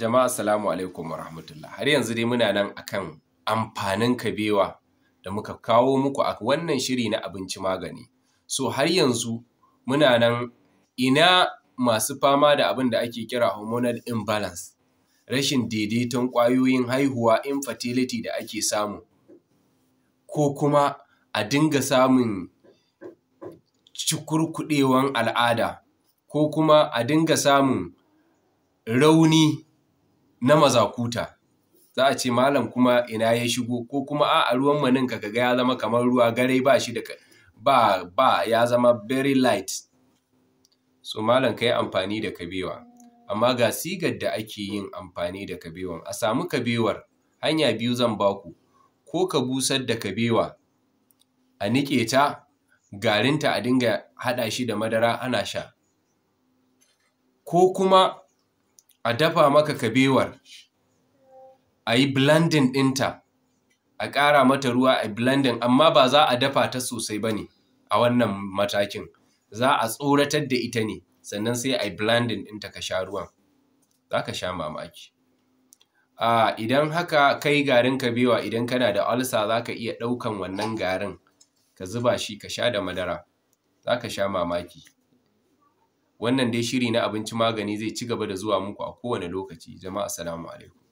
Jama'a salamu alaikum wa rahmatullah. Har yanzu dai muna nan akan amfanin kabewa da muka kawo muku a wannan shiri na abinci magani. So har yanzu muna nan ina masu fama da abin da ake kira hormonal imbalance, rashin daidaiton ƙwayoyin haihuwa infertility da ake samu, ko kuma a dinga samun cikurkuɗewan al'ada, ko kuma a dinga samun rauni na mazakuta za a ce malam kuma ina ya shigo ko kuma a ruwan manin ka ga ya zama kamar ruwa gare ba shi da ba ba ya zama very light so malam ka yi amfani da kabewa amma ga sigar da ake yin amfani da kabewa, a samu kabewar hanya biyu zan baku ko ka busar da kabewa a niƙe ta garinta a dinga haɗa shi da madara ana sha ko kuma a dafa maka kabewar a yi blending ɗinta a ƙara mata ruwa a blending amma ba za a dafa ta sosai ba ne a wannan matakin za a tsoratar da ita ne sannan sai a yi blending ɗinta ka sha ruwan za ka sha mamaki a idan haka kai garin kabewa idan kana da alsa za ka iya ɗaukan wannan garin ka zuba shi ka sha da madara za ka sha mamaki Wannan dai shiri na abinci magani zai ci gaba da zuwa muku a kowane lokaci. Jama'a salamu alaikum.